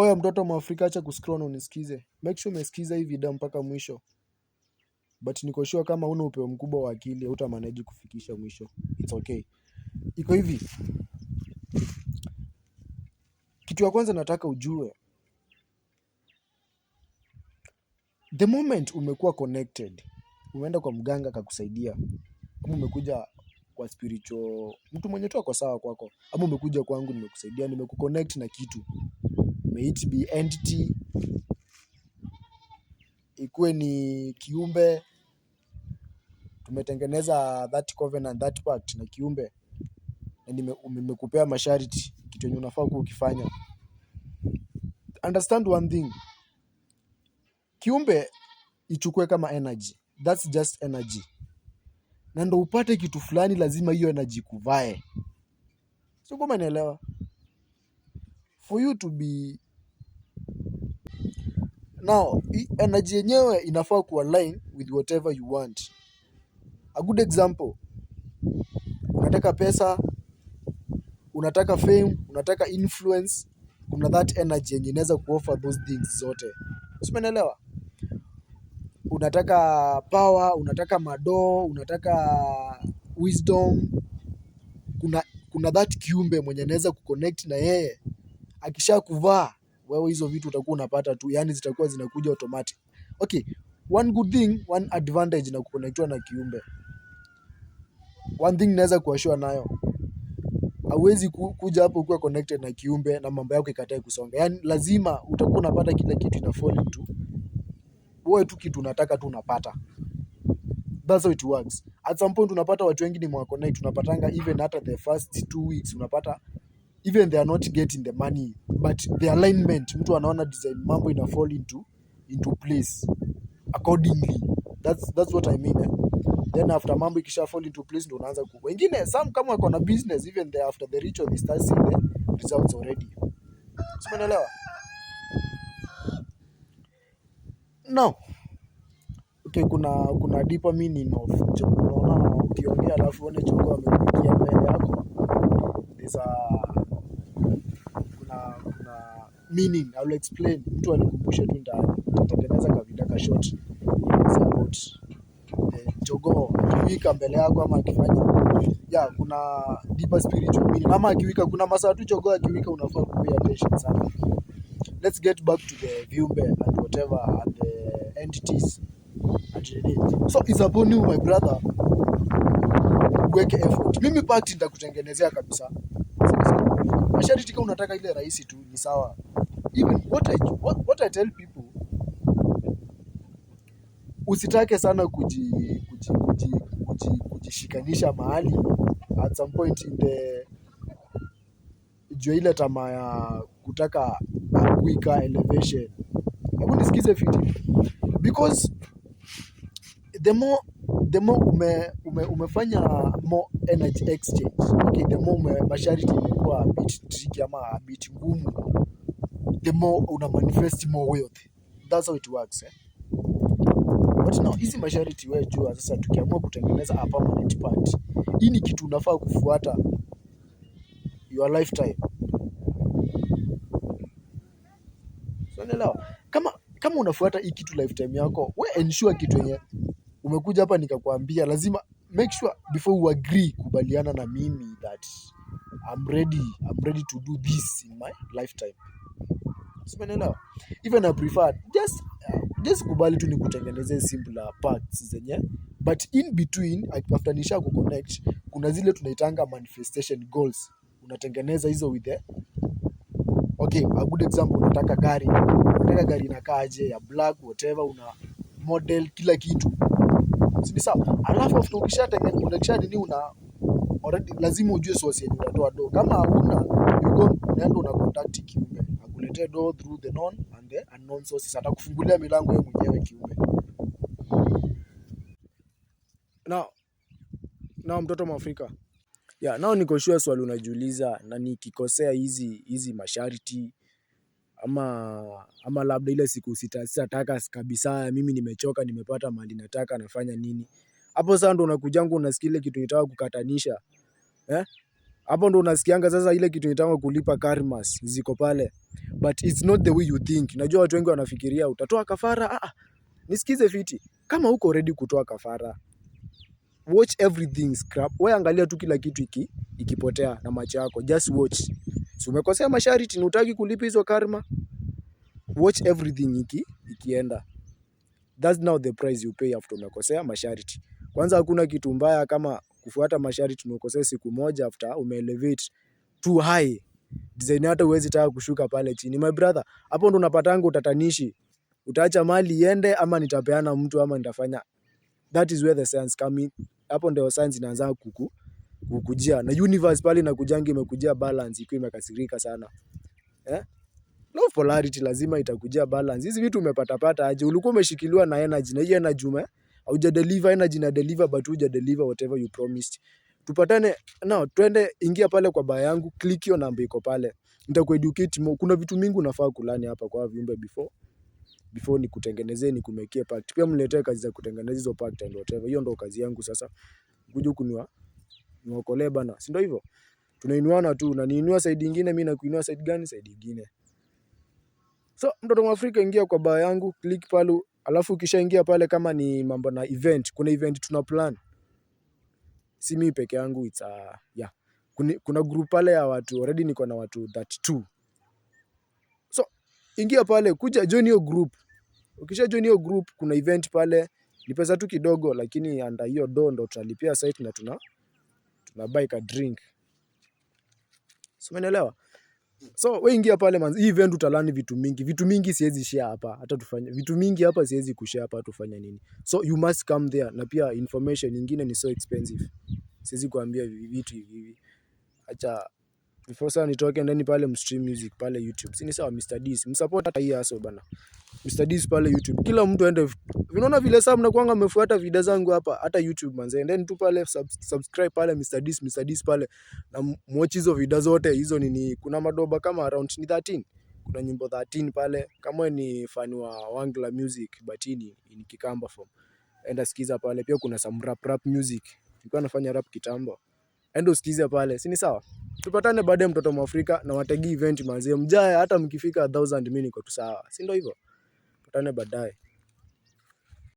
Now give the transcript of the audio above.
Oya mtoto mwafrika acha kuscroll na unisikize. Make sure umesikiza hii video mpaka mwisho. But niko sure kama huna upeo mkubwa wa akili hutamanage kufikisha mwisho. It's okay. Iko hivi. Kitu ya kwanza nataka ujue. The moment umekuwa connected, umeenda kwa mganga akakusaidia, ama umekuja kwa spiritual mtu mwenye tu ako sawa kwako, ama umekuja kwangu nimekusaidia, nimekuconnect na kitu may it be entity, ikuwe ni kiumbe. Tumetengeneza that covenant, that pact na kiumbe, na nimekupea masharti, kitu yenye unafaa ukifanya Understand one thing, kiumbe ichukue kama energy, that's just energy, na ndo upate kitu fulani, lazima hiyo energy kuvae. Sio kama naelewa for you to be Now, energy yenyewe inafaa align with whatever you want. A good example, unataka pesa, unataka fame, unataka influence, kuna that energy yenye inaweza kuoffer those things zote. Usimenelewa? Unataka power, unataka madoo, unataka wisdom. Kuna, kuna that kiumbe mwenye anaweza kuconnect na yeye akisha kuvaa wewe hizo vitu utakuwa unapata tu, yani zitakuwa zinakuja automatic. Okay, one good thing, one advantage na kuconnectiwa na kiumbe. One thing naweza kuashua nayo hauwezi kuja hapo ukiwa connected na kiumbe na mambo yako ikatae kusonga, yani lazima utakuwa unapata kila kitu, ina fall tu wewe tu kitu unataka tu unapata. That's how it works. At some point unapata watu wengi ni mwa connect, unapatanga even hata the first two weeks unapata even they are not getting the money but the alignment, mtu anaona design mambo ina fall into into place accordingly. That's, that's what I mean eh? Then after mambo ikisha fall into place ndo unaanza ku wengine some kama wako na business even they after the rich of the stars see the results already, simeelewa no Okay, kuna kuna deeper meaning of ukiongea alafu one choko amekupigia mbele yako there's a meaning, I will explain. Mtu anikumbushe tu, nitatengeneza kavida ka short about eh, jogoo akiwika mbele yako ama akifanya ya kuna deeper spiritual meaning, ama akiwika, kuna masaa tu jogoo akiwika unafaa kuwa patient sana. Let's get back to the viumbe and whatever and the entities and so it's upon you my brother, weke effort. Mimi pakti nitakutengenezea kabisa. Masharti kama unataka ile rahisi tu ni sawa even what I, what, what I tell people usitake sana kuji, kuji, kuji, kuji, kujishikanisha mahali at some point in the jua ile tamaa ya kutaka kuika elevation. Hebu nisikize fiti, because the more the more ume, ume, umefanya more energy exchange okay, the more ume, masharti imekuwa bit tricky ama bit ngumu the more una manifest more wealth. That's how it works eh? But now hizi masharti wewe jua sasa, tukiamua kutengeneza a permanent part, hii ni kitu unafaa kufuata your lifetime. So unaelewa kama kama unafuata hii kitu lifetime yako, we ensure kitu yenye umekuja hapa nikakwambia, lazima make sure before you agree kubaliana na mimi that I'm ready, I'm ready to do this in my lifetime. Usimenelewa? even i prefer just just kubali tu ni kutengeneze simple parts zenye but in between after nisha ku connect kuna zile tunaitanga manifestation goals. Unatengeneza hizo with the okay, a good example, unataka gari, unataka gari inakaaje ya black whatever, una model kila kitu, si sawa? Alafu after ukisha tengeneza ukishatengeneza nini, una already lazima ujue source yenye unatoa do. Kama hakuna, unaenda una contact penetrate all through the known and the unknown sources, atakufungulia milango yeye mwenyewe kiume. Now, now mtoto Mwafrika ya nao, niko sure swali unajiuliza, na nikikosea hizi hizi masharti ama ama labda ile siku sita sitataka kabisa, mimi nimechoka, nimepata mali, nataka nafanya nini hapo? Sasa ndo unakujangu unasikia kitu itaka kukatanisha eh? hapo ndo unasikianga sasa ile kitu inaitwa kulipa karmas ziko pale, but it's not the way you think. Najua watu wengi wanafikiria utatoa kafara. Ah, ah. nisikize fiti, kama uko ready kutoa kafara, watch everything scrap. Wewe angalia tu kila kitu iki, ikipotea na macho yako, just watch. Si umekosea masharti ni utaki kulipa hizo karma, watch everything iki ikienda. That's now the price you pay after umekosea masharti. Kwanza hakuna kitu mbaya kama kufuata masharti tumekosea siku moja after ume elevate too high design hata uwezi taka kushuka pale chini my brother. Hapo ndo unapatanga utatanishi, utaacha mali iende ama nitapeana mtu ama nitafanya. That is where the science come in. Hapo ndio science inaanza kuku kukujia na universe pale na kujanga imekujia balance, ikiwa imekasirika sana eh? No polarity lazima itakujia balance. Hizi vitu umepata pata aje? Ulikuwa umeshikiliwa na energy na hiyo energy ume haujadeliver energy na deliver but hujadeliver whatever you promised. Tupatane nao, twende ingia pale kwa bio yangu, click hiyo namba iko pale, nitakueducate Kuna vitu mingi unafaa kulani hapa kwa viumbe before before pact. Pia kazi za kutengeneza hizo pact and whatever. Hiyo ndo kazi yangu sasa, kuja bana, si ndio hivyo? Tunainuana tu, side nyingine, mimi nakuinua side gani? Side nyingine. So mtoto wa Afrika, ingia kwa baa yangu, click pale. Alafu ukishaingia pale kama ni mambo na event, kuna event tuna plan. Si mimi peke yangu it's a uh, yeah. Kuna, kuna group pale ya watu already niko na watu 32. So ingia pale kuja join hiyo group. Ukisha join hiyo group kuna event pale ni pesa tu kidogo lakini anda hiyo do ndo tunalipia site na tuna tuna buy a drink. So umeelewa? So we ingia pale manzi, hii event utalani vitu mingi, vitu mingi siwezi share hapa, hata tufanye vitu mingi hapa siwezi kushare hapa, tufanye nini? So you must come there, na pia information nyingine ni so expensive, siwezi kuambia vitu hivi hivi, before sasa nitoke ndani pale mstream music pale YouTube. Si ni sawa Mr Dis Msupport hata hii haso bana. Mr Dis pale YouTube. Kila mtu aende. Unaona vile sasa mnakuanga mmefuata video zangu hapa hata YouTube manze. Endeni tu pale sub, subscribe pale Mr Dis, Mr Dis pale na muache hizo video zote hizo nini kuna madoba kama around ni 13. Kuna nyimbo 13 pale. Kama ni fan wa Wangla music batini in Kikamba form. Enda sikiza pale pia kuna some rap rap music. Nilikuwa nafanya rap kitambo. Enda usikize pale. Si ni sawa? tupatane baadaye, mtoto Mwafrika na wategi event manzi, mjae, hata mkifika 1000 mimi niko tu sawa, si ndio hivyo? Tupatane baadaye.